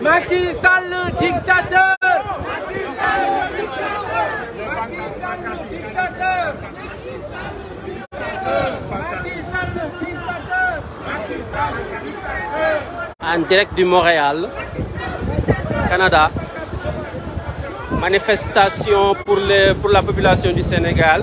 Macky Sall le dictateur En direct du Montréal, Canada, manifestation pour, pour la population du Sénégal.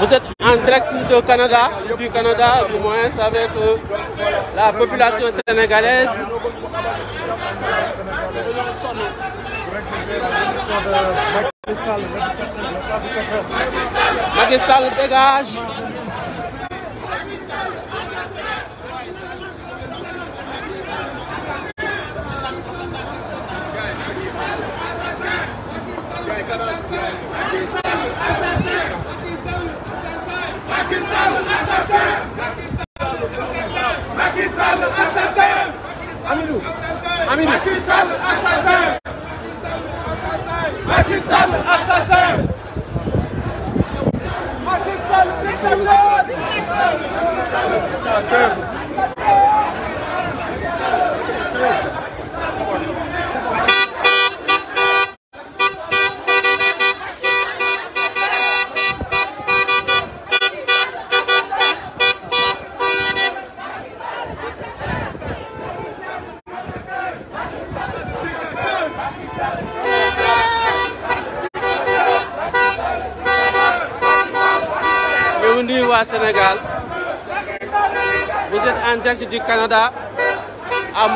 Vous êtes en direct du Canada, du Canada, au moins avec la population sénégalaise. dégage. Macky Sall assassin Macky Sall assassin Sénégal. Vous êtes en direct Canada à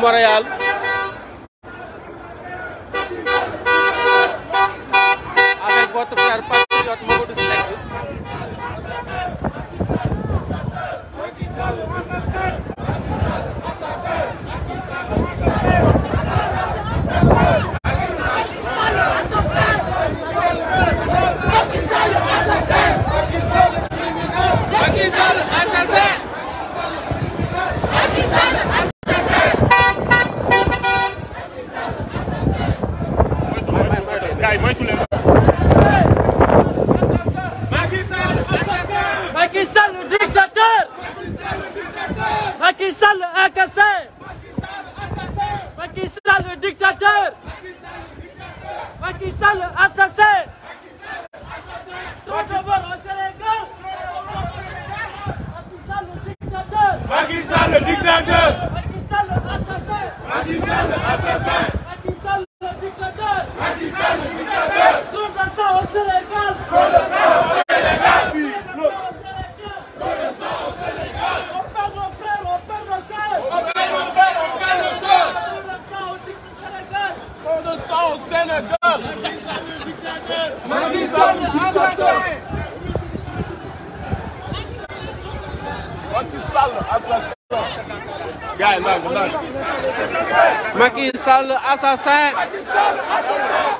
Sall assassin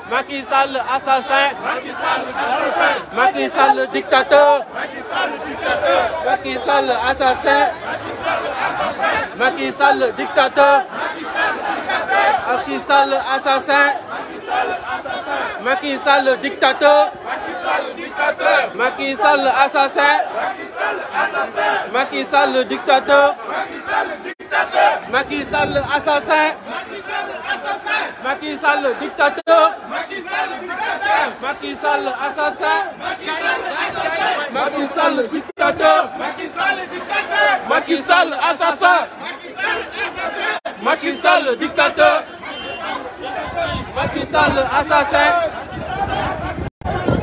Macky Sall assassin Macky Sall dictateur Macky Sall assassin Macky Sall dictateur Macky Sall assassin Macky Sall dictateur Macky Sall assassin Macky Sall dictateur Macky Sall assassin Macky Sall dictateur. Macky Sall dictateur. Sall assassin. Macky Sall dictateur. Macky Sall dictateur. assassin. Macky Sall dictateur. Macky Sall assassin.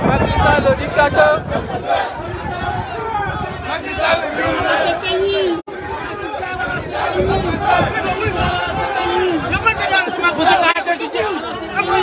Macky Sall dictateur. Macky Sall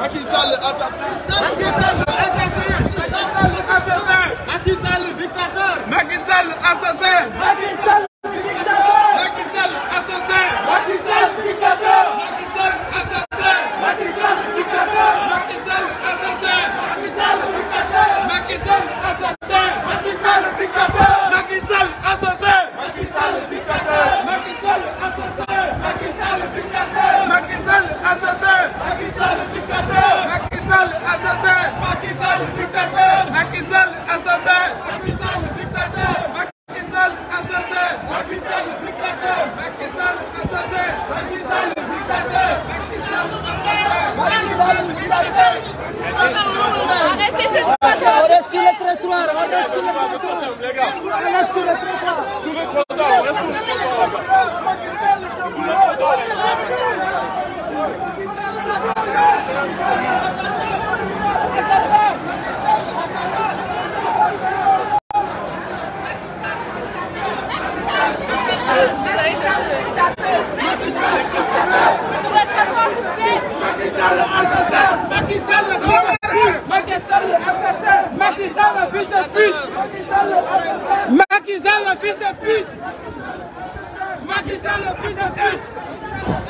Pakistan asasın. Macky Sall le fils de pute Macky Sall le fils de pute Macky Sall le fils de pute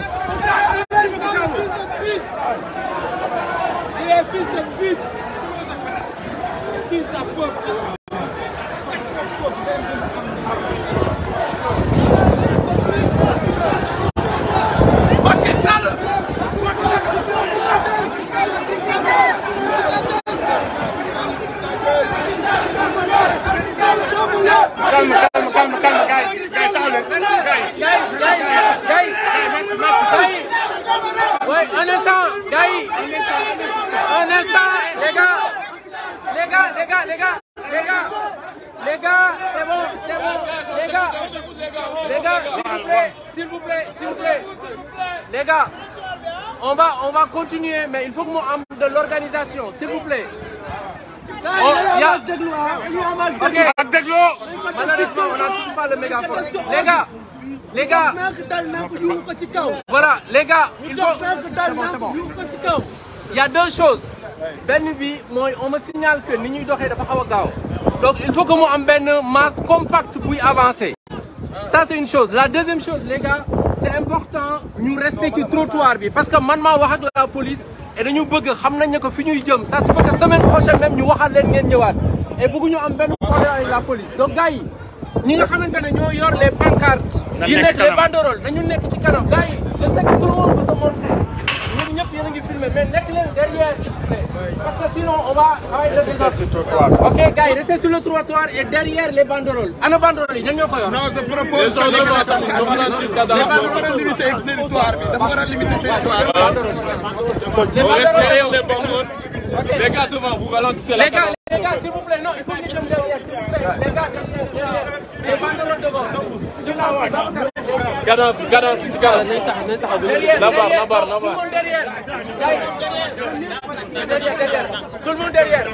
mais il faut que moi de l'organisation s'il vous plaît. ok les gars. les gars voilà les gars il y a deux choses ben oui moi on me signale que ni ñuy dafa donc il faut que moi am ben masse compacte puis avancer ça c'est une chose la deuxième chose les gars c'est important ñu rester ci trottoir bi parce que manma wax ak la police et dañu bëgg xam nañ ne que fi ñuy jëm ça se peut que semaine prochaine même ñu waxal leen ngeen ñëwaat et bëgguñu am benn problème avec la police donc gars yi ñi nga xamante ne ñoo yor les pancartes yi nek les banderoles dañu nek ci kanam gars yi je sais que tout le monde peut se montrer ngi filmé mais nekk leen derrière s'il vous plaît parce que sinon on va ça va être désordre. ok gars yi restez sur le trottoir et derrière les banderoles ana banderoles yi ñoom ñoo ko yor. propose. les banderoles dafa limité territoire bi dafa war a limité territoire bi. les banderoles les gars devant vous ralentissez la caméra. les gars s'il vous plaît non il faut que ñu dem cadence bi cadence bi ci kanam. la barre la barre la barre. derrière derrière. tout le monde derrière.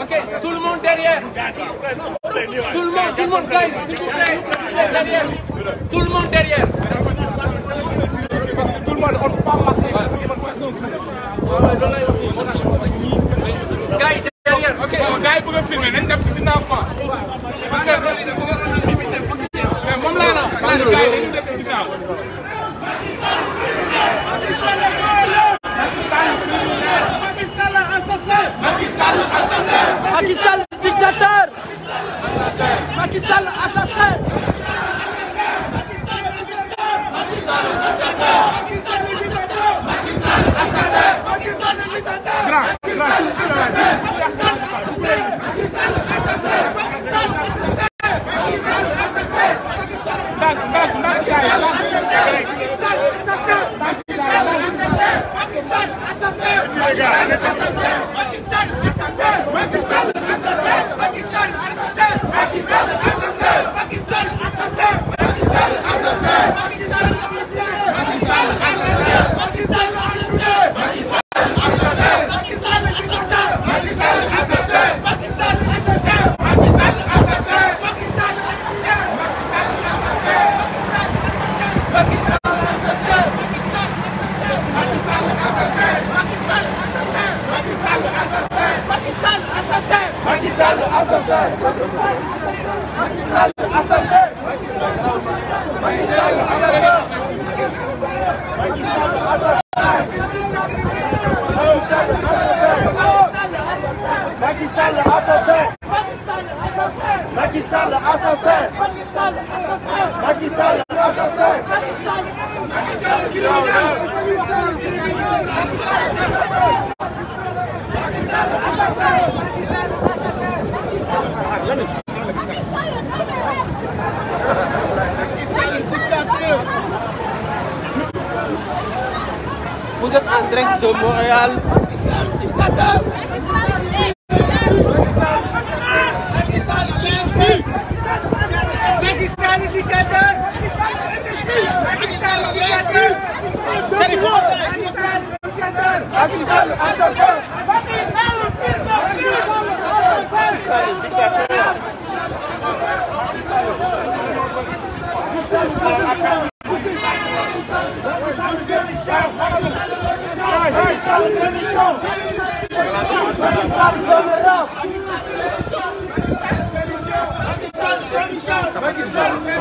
ok tout le monde derrière. tout le monde tout le monde gars s'il vous plaît derrière. tout le monde derrière. parce que tout le monde on peut pas marcher. gars yi derrière. ok gars yi bëgg a filmer nañ dem si ginnaaw quoi. parce que loolu dafa war a limité mais moom laa la.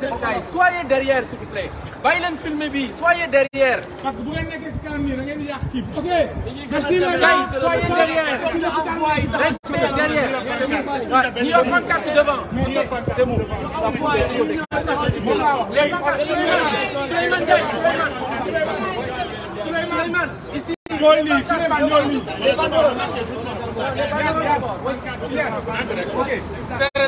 seen gars yi soyez derrière s'il vous plaît bàyyi leen filmer bi soyez derrière. parce que bu ngeen nekkee si kanam nii da ngeen di yàq kii bi. ok merci les gars soyez derrière. restez derrière. ñi yor pancarte devant. c'est bon. les pancartes Souleymane Ndiaye Souleymane. Souleymane ici. ñoo nii Souleymane ñoo nii. les banderoles. les banderoles d'abord. ok.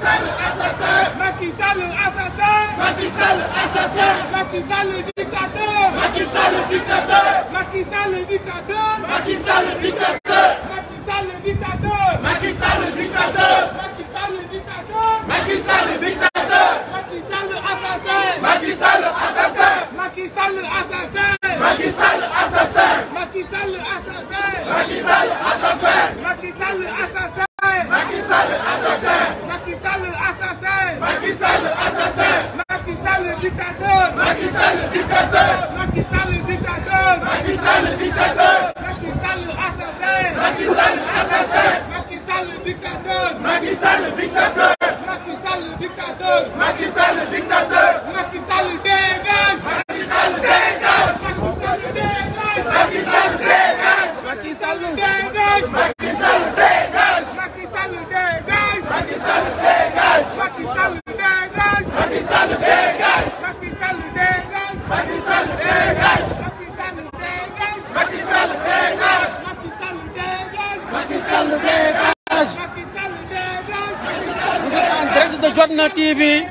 Sall assassin Macky Sall assassin Macky Sall assassin Macky Sall dictateur Macky Sall dictateur Macky Sall dictateur Macky Sall dictateur Macky Sall dictateur Macky Sall dictateur Macky Sall dictateur Macky Sall dictateur Macky Sall assassin Macky Sall assassin Macky Sall assassin Macky Sall assassin Macky Sall assassin Macky Sall assassin Sall assassin Sall le dictateur. Macky Sall le dictateur. Macky Sall le dictateur. Macky Sall le assassin. Macky Sall le assassin. Macky Sall le dictateur. Macky Sall le dictateur. Macky Sall le dictateur. Macky Sall le dictateur. Baby.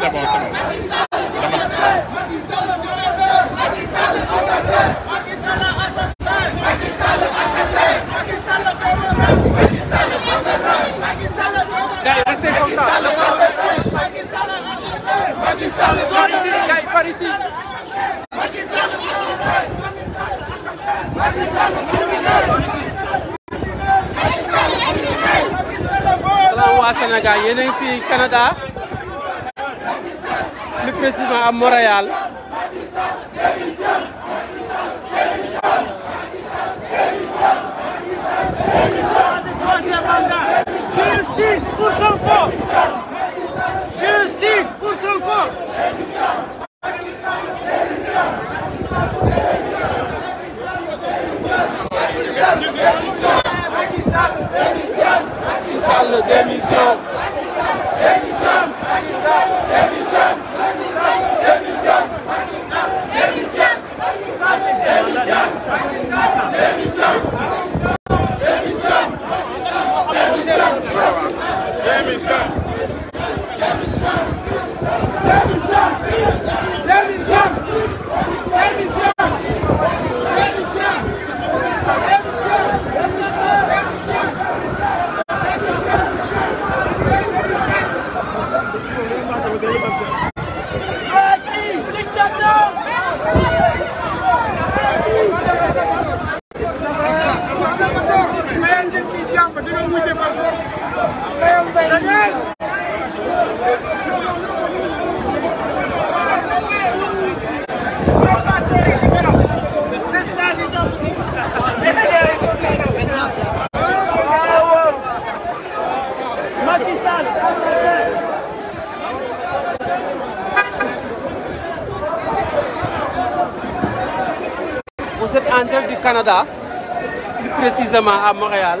c'est bon c'est bon. Sénégal yéen a ngi fii Canada déplacement à Montréal précisément à Montréal.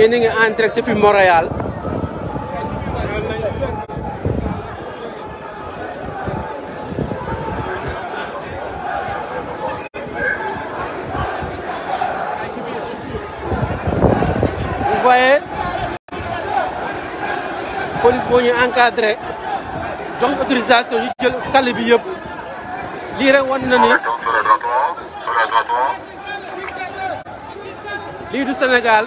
yéen a ngi en direct depuis Montréal. vous voyez police boo ñu encadré jox autorisation ñu jël tali bi yëpp lii rek wan na ni lii du Sénégal.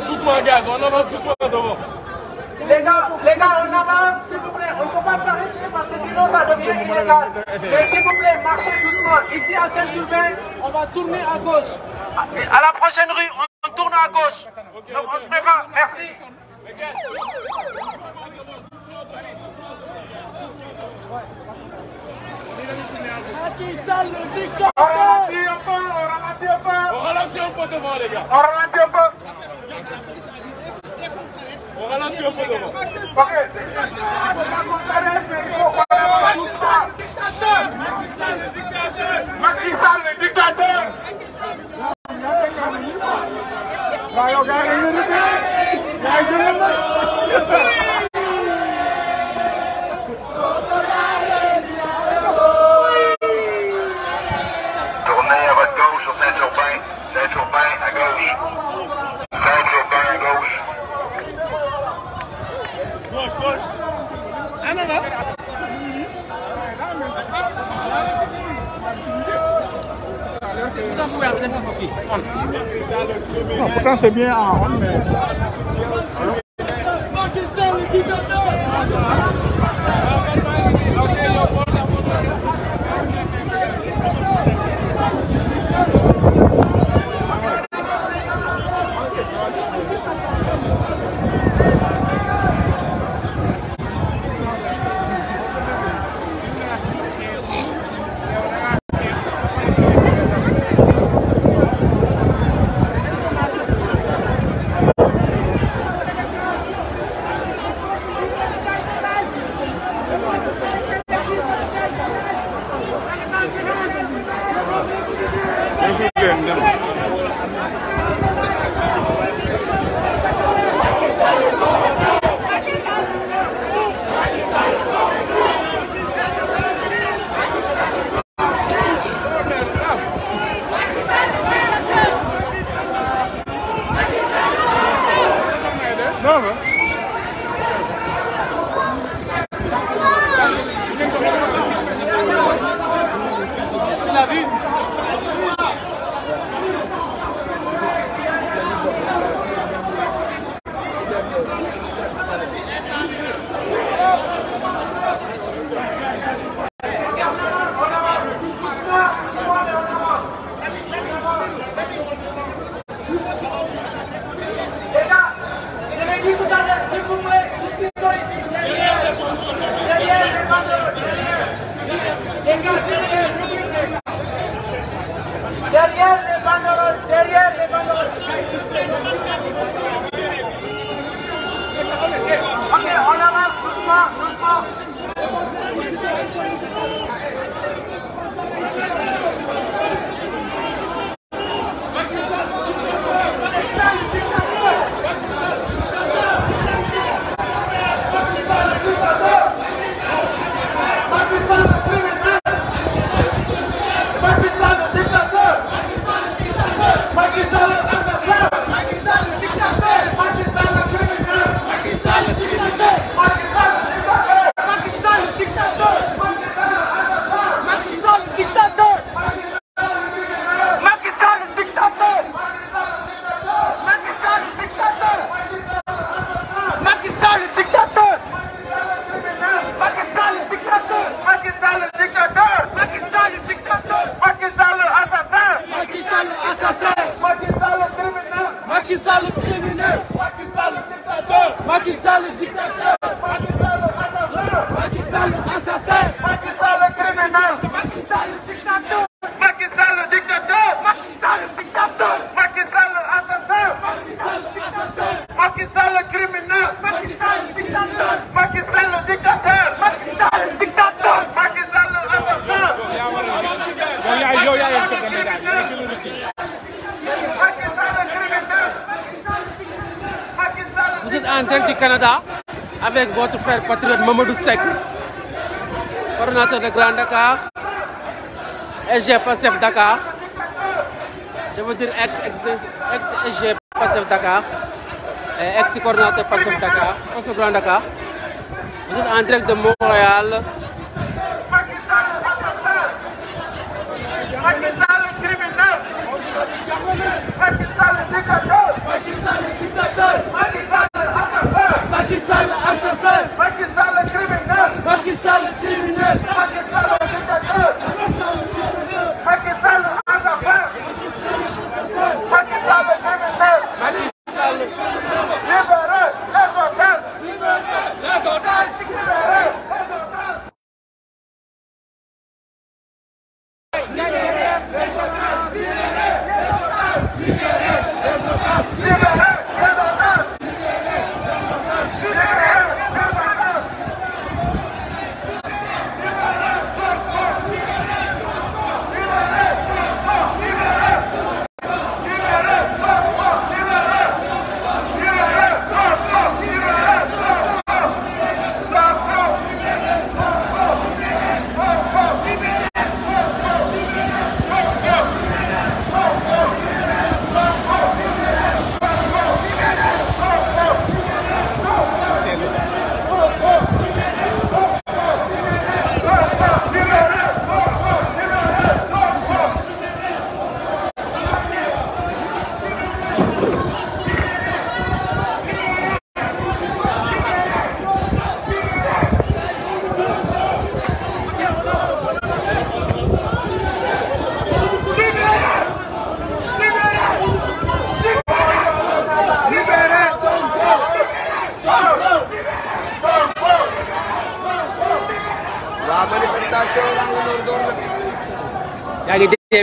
avance doucement, gaz. On avance doucement devant. Les gars, les gars, on avance, s'il vous plaît. On ne peut pas s'arrêter parce que sinon ça devient illégal. Mais s'il vous plaît, marchez doucement. Ici à Saint-Urbain, on va tourner à gauche. À la prochaine rue, on tourne à gauche. Donc on se prépare. Merci. Qui ça le dictateur On ralentit un peu, on ralentit un On ralentit un peu devant les gars. Okay. Não, não. frère patriote Mamadou Seck coordonnateur de Grand Dakar SG Passef Dakar je veux dire ex ex SG Dakar ex coordinateur passef Dakar se Grand Dakar vous êtes en direct de Montréal Pakistan le dictateur Pakistan Millet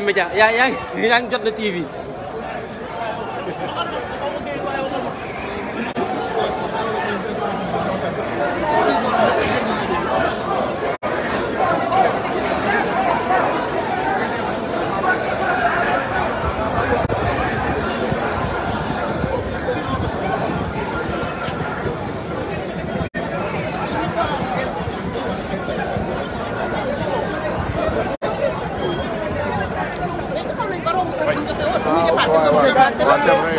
média yaa yaa ngi jot na TV. Nossa, é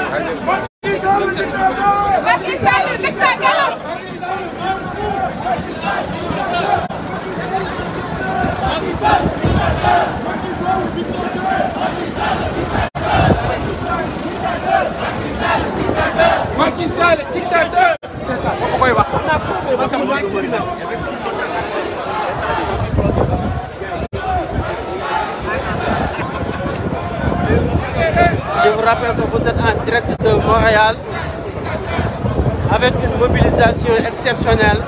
avec une mobilisation exceptionnelle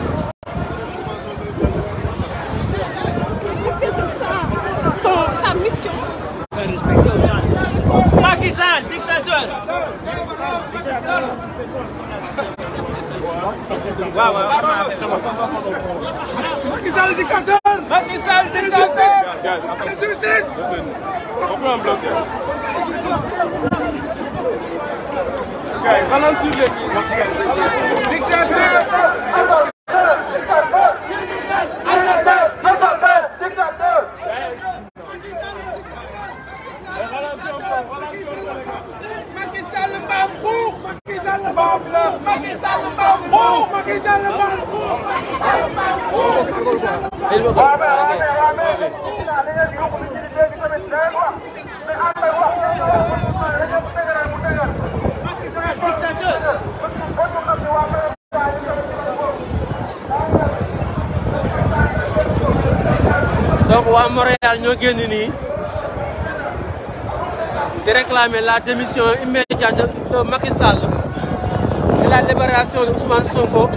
réclamer la démission immédiate de Macky la libération de Ousmane Sonko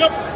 Yep.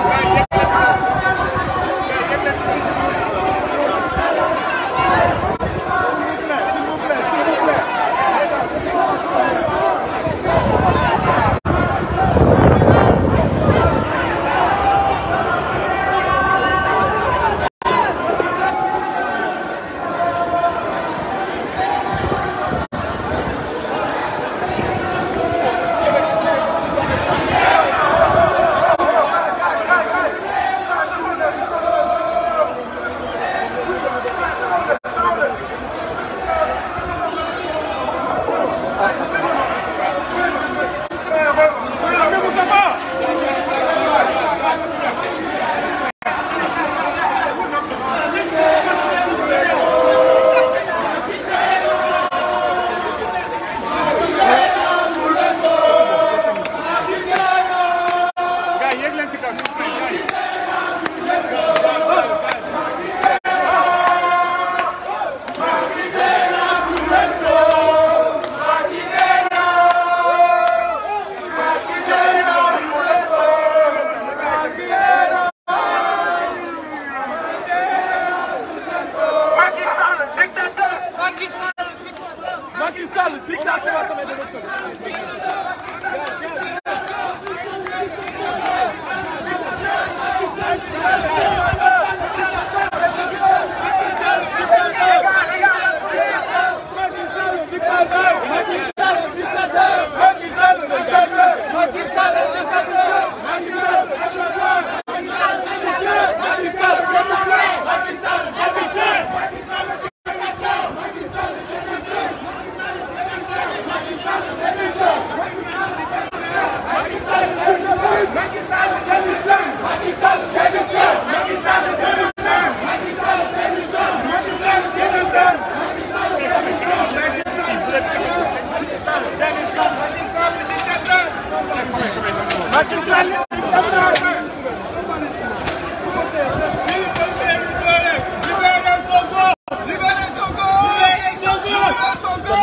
Go, go, go.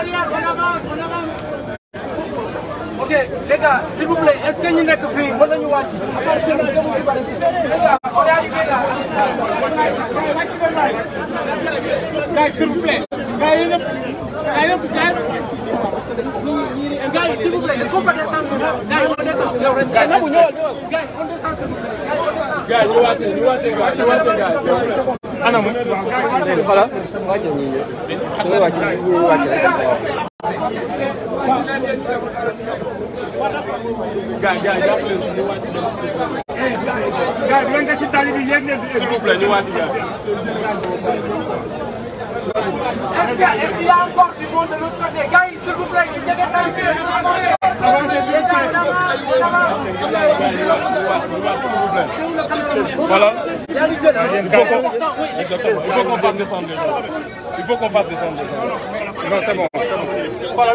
arrière, on avance, on avance. Ok, les gars, s'il vous plaît, est-ce que nous n'avons pas fait Voilà, nous voici. À part ce nous sommes pas restés. Les gars, on est arrivé là. Gars, s'il vous plaît. Gars, il est Gars, s'il vous plaît, est-ce qu'on peut descendre anam voilà wàcc ñi ñëw ñu wàcc ñu wàcc rek gaa gaa jàpp leen si ñu wàcc dem gaa bu ngeen def si tali bi yéeg leen s'il vous plaît ñu wàcc gaa est-ce qu'il y a encore du monde de l'autre côté gars yi s'il vous plaît ñu jege tali bi Voilà. Il faut qu'on fasse descendre les gens. Il faut qu'on fasse descendre les gens. c'est bon. Voilà.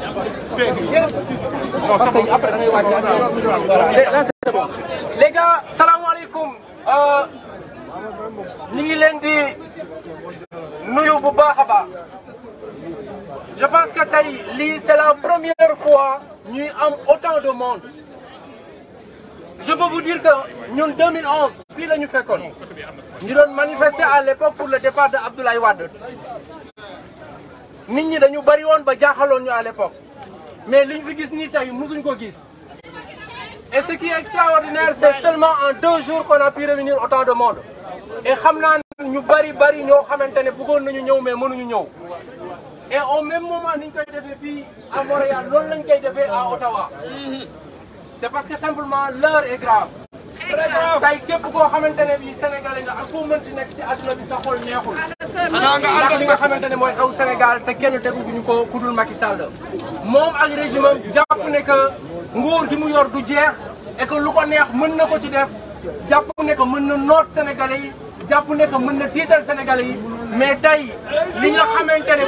les gars salam alaikum. je pense que c'est la première fois nous avons autant de monde je peux vous dire que en 2011 puis nous avons fait. Nous manifesté manifester à l'époque pour le départ de Abdoulaye Wade avons ñi dañu à l'époque mais liñ fi gis nii tey mosuñ ko gis et ce qui est extraordinaire c'est seulement en deux jours qu'on a pu revenir autant de monde et on naa ñu bari bari ñoo xamante ne bëggoon nañu ñëw mais ñëw et au même moment niñ koy defee à Montréal loolu lañ koy à Ottawa c'est parce que simplement l'heure est grave tey képp koo xamante ne bii Sénégalais nga ak foo mënti nekk si àdduna bi sa xool neexul. xanaa ak li nga xamante ne mooy xew Sénégal te kenn teguñu ko ku dul Macky Sall. moom ak régime am jàpp ne que nguur gi mu yor du jeex et que lu ko neex mën na ko ci def jàpp ne que mën na noot Sénégalais yi jàpp ne que mën na tiital Sénégalais yi mais tey li nga xamante ne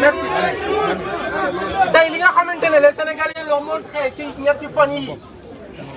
merci tey li nga xamante ne les Sénégalais l'ont montré ci ñetti fan yi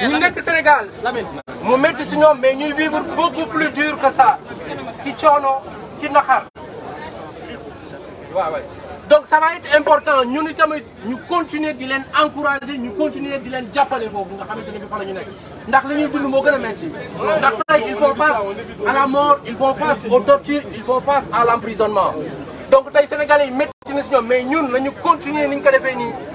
sommes au Sénégal nous mettons si mais nous vivons beaucoup plus dur que ça ci ci donc ça va être important nous continuons de continuer encourager nous continuons de les jàppale foofu nga xamante bi fa la ñu ils font face à la mort ils font face aux tortures ils font face à l'emprisonnement donc les sénégalais mettent, nous na mais nous, continuons continuer les faire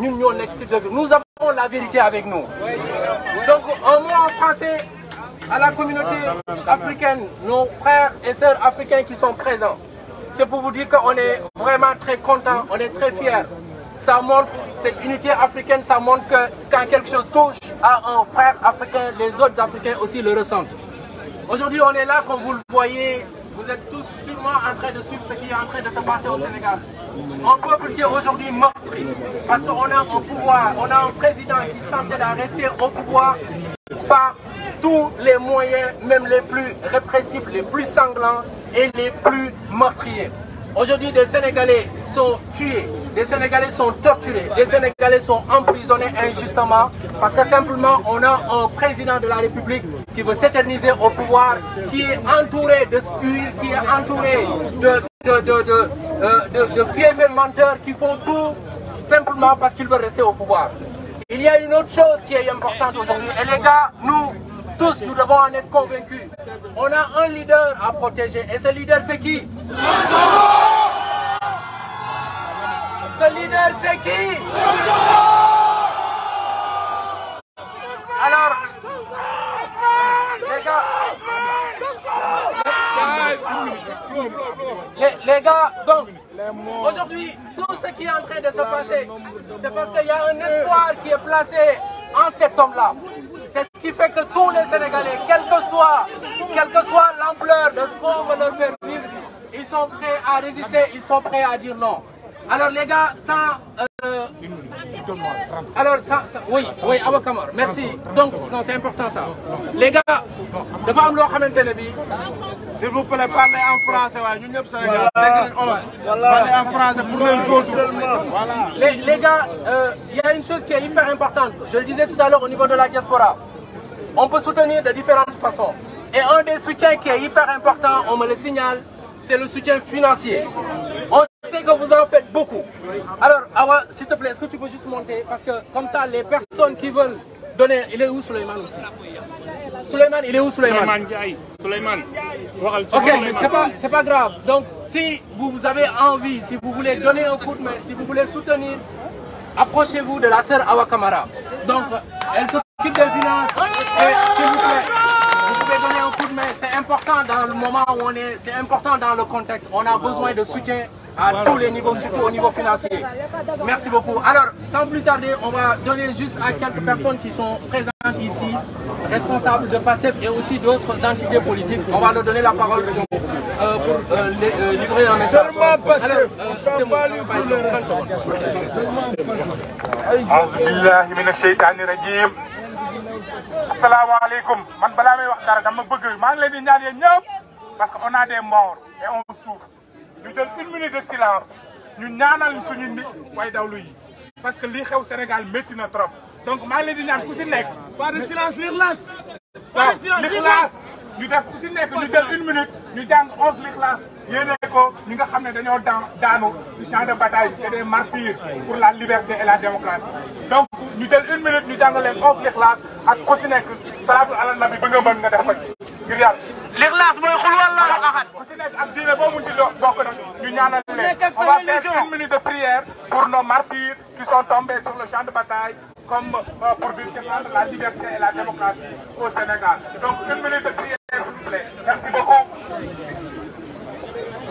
nous avons la vérité avec nous donc un mot en français à la communauté africaine nos frères et sœurs africains qui sont présents c'est pour vous dire qu'on est vraiment très contents, on est très fiers ça montre cette unité africaine ça montre que quand quelque chose touche à un frère africain les autres africains aussi le ressentent Aujourd'hui, on est là, comme vous le voyez, vous êtes tous sûrement en train de suivre ce qui est en train de se passer au Sénégal. Un peuple qui dire aujourd'hui meurtri, parce qu'on a un pouvoir, on a un président qui semble à rester au pouvoir par tous les moyens, même les plus répressifs, les plus sanglants et les plus meurtriers. Aujourd'hui, des Sénégalais sont tués, des Sénégalais sont torturés, des Sénégalais sont emprisonnés injustement parce que simplement on a un président de la République qui veut s'éterniser au pouvoir, qui est entouré de spires, qui est entouré de, de, de, de, euh, menteurs qui font tout simplement parce qu'ils veulent rester au pouvoir. Il y a une autre chose qui est importante aujourd'hui. Et les gars, nous, tous, nous devons en être convaincus. On a un leader à protéger. Et ce leader, c'est qui Ce leader, c'est qui Alors, les gars, les, gars, donc, aujourd'hui, tout ce qui est en train de se passer, c'est parce qu'il y a un espoir qui est placé en cet homme-là. C'est ce qui fait que tous les Sénégalais, quelle que soit soit l'ampleur de ce qu'on veut leur faire vivre, ils sont prêts à résister, ils sont prêts à dire non. Alors les gars, ça. Euh, alors ça, oui, oui, Awa merci. Donc, non, c'est important ça. Les gars, devant le vous plaît, parlez en français en français pour les autres. Les, gars, il euh, y a une chose qui est hyper importante. Je le disais tout à l'heure au niveau de la diaspora. On peut soutenir de différentes façons. Et un des soutiens qui est hyper important, on me le signale, c'est le soutien financier que vous en faites beaucoup. Alors, Awa, s'il te plaît, est-ce que tu peux juste monter Parce que comme ça, les personnes qui veulent donner... Il est où Suleiman aussi Suleiman, il est où Suleiman Suleiman. Ok, c'est pas, grave. Donc, si vous, vous avez envie, si vous voulez donner un coup de main, si vous voulez soutenir, approchez-vous de la sœur Awa Kamara. Donc, elle s'occupe des finances. Et s'il vous plaît... C'est important dans le moment où on est, c'est important dans le contexte. On a besoin de soutien à tous les niveaux, surtout au niveau financier. Merci beaucoup. Alors, sans plus tarder, on va donner juste à quelques personnes qui sont présentes ici, responsables de PASEP et aussi d'autres entités politiques. On va leur donner la parole pour, euh, euh, les, euh, livrer un message. Seulement PASEP, c'est asalaamaaleykum man balaa may wax dara dama bëgg maa ngi leen di ñaan yéen ñëpp parce que on a des morts et on souffre ñu jël une minute de silence ñu ñaanal suñu nit way dawlu yi parce que lii xew Sénégal métti na trop donc maa ngi leen di ñaan ku si nekk. pas de silence l'Ikhlas. pas de silence ñu def ku si nekk ñu jël une minute ñu jàng onze l'Ikhlas. yéene ko ñi nga champ de bataille c'est des martyrs pour la liberté et la démocratie donc nous jël une minute nous jàngaleen les lixlaas ak ku à nekk salaatu ala nabi bi nga mën nga def ko ci ngir yàlla lixlaas xul on va faire une minute de prière pour nos martyrs qui sont tombés sur le champ de bataille comme euh, pour vivre la liberté et la démocratie au Sénégal donc une minute de prière s'il vous plaît merci beaucoup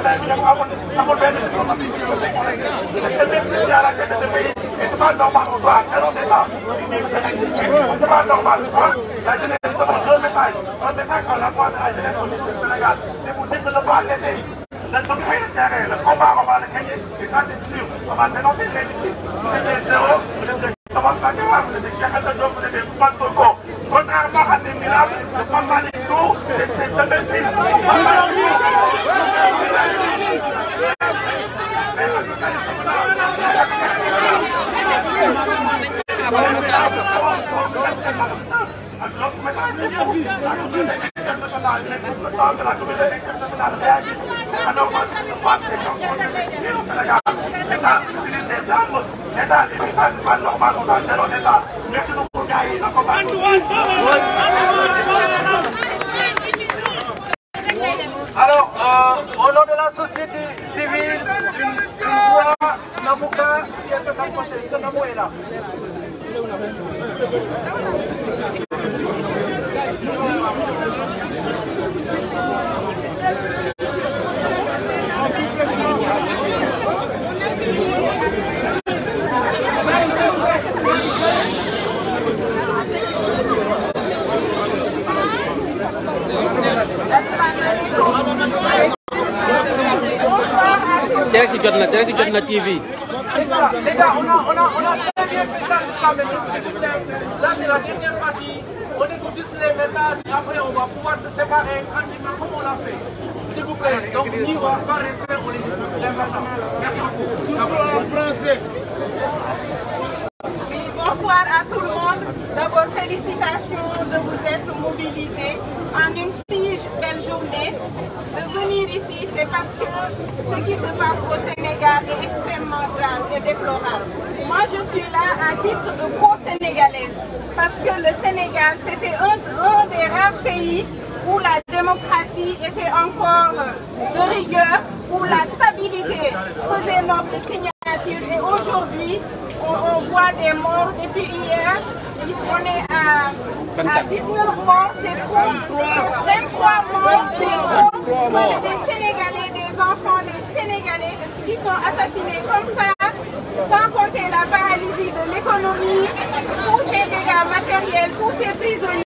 Gracias. Gracias. Les gars, on a, on a, on a très bien fait ça jusqu'à maintenant, s'il vous plaît. Là, c'est la dernière partie. On écoute juste les messages. Après, on va pouvoir se séparer tranquillement comme on l'a fait. S'il vous plaît. Donc, n'y va pas respect, on les écoute. des Sénégalais, des enfants des Sénégalais qui sont assassinés comme ça, sans compter la paralysie de l'économie, tous ces dégâts matériels, tous ces prisonniers.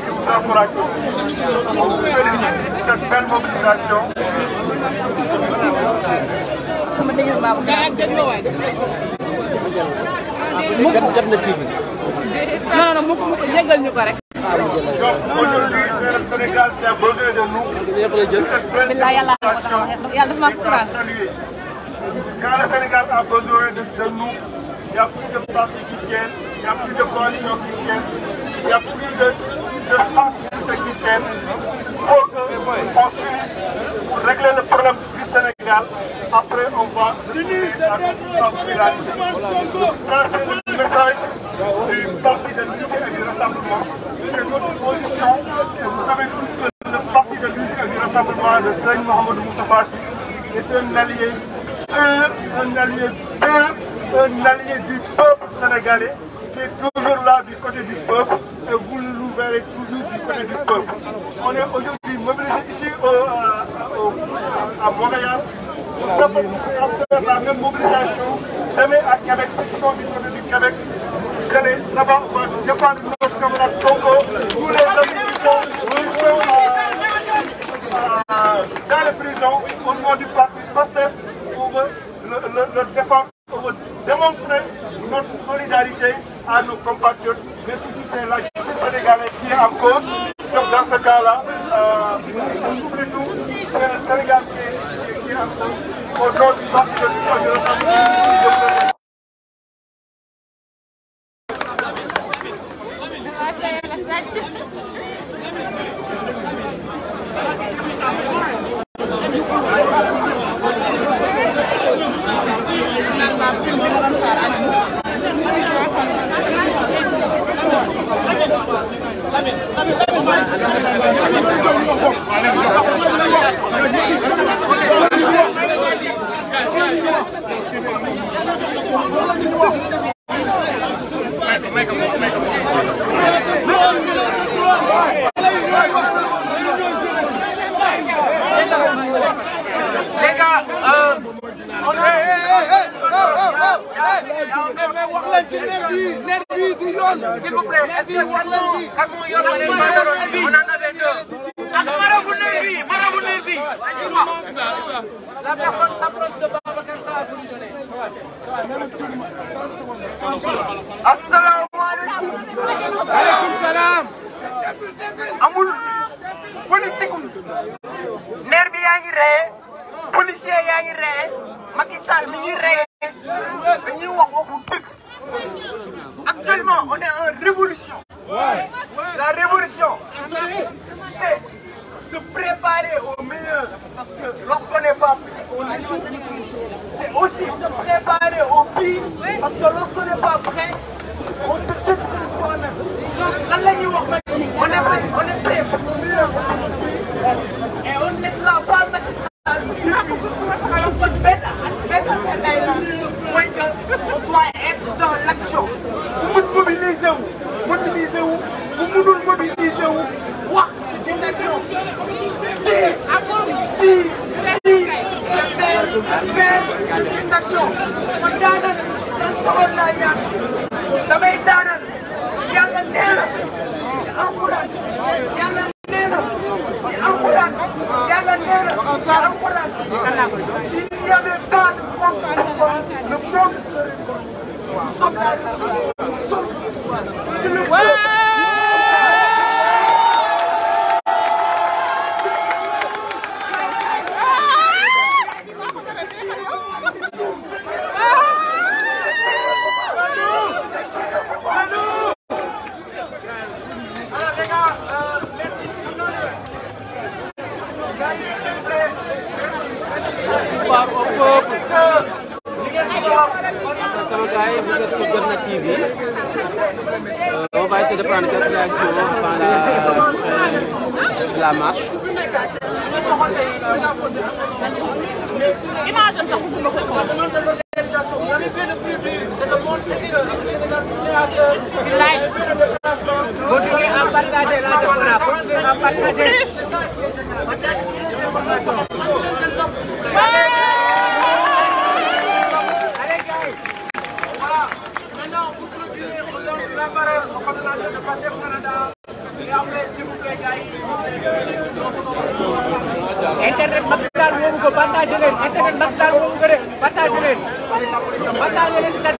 et je vous encourage aussi pour vous féliciter cette belle mobilisation. Non, non, mukk mukk jégal ñu ko rek. Aujourd'hui, le Sénégal a besoin de nous. Billahi yàlla ko tax yàlla dafa ma sutural. Quand le Sénégal a besoin de nous, il n'y a plus de parti qui tiennent, il n'y a plus de coalition qui tiennent, il n'y a plus de de femmes tienne pour qu'on s'unisse régler le problème du Sénégal. Après, on va finir à le message du parti de l'unité et du rassemblement. C'est notre position vous savez tous que le parti de l'unité et du rassemblement, le Seigneur Mohamed Moustapha est un allié sûr, un allié bien, un allié du peuple sénégalais était toujours là du côté du peuple et vous nous verrez toujours du côté du peuple. On est aujourd'hui mobilisés ici au, à, euh, à Montréal pour faire la même mobilisation. Demain à Québec, ceux qui sont du côté du Québec, vous allez là-bas, on va défendre notre camarade tous les amis qui sont, qui sont euh, dans les prisons au niveau du parti PASTEF pour le, le, le défendre, pour démontrer notre solidarité à nos compatriotes de soutenir la justice sénégalaise qui est en cause. Donc dans ce cas-là, euh, nous c'est le Sénégal qui est, qui est en cause. aujourd'hui, nom du parti de l'Union de wax leen ci nerf yi nerf yi du yoon. s'il vous plaît est-ce que wax leen ci. ak mu yor leen banderole bi on en avait deux. ak marabu nerf yi marabu nerf yi. la personne s'approche de Babacar Sarr pour lui donner. asalaamaaleykum. waaleykum salaam. amul politique. nerf um. bi yaa ngi rey. policier yaa ngi rey. Macky Sall mi ngi rey. dañuy wax waxu dëgg. Actuellement, on est en révolution. La révolution, c'est se préparer au mieux Parce que lorsqu'on n'est pas prêt, C'est aussi se préparer au pire. Parce que lorsqu'on n'est pas prêt, on se détruit soi-même. est on est prêt. action Vous vous mobiliser vous mobiliser vous pouvez nous mobiliser c'est une action c'est une action partagé leen partagé leen Macky Sall moomu ko de partagé leen partagé leen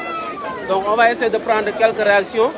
Donc on va essayer de prendre quelques réactions.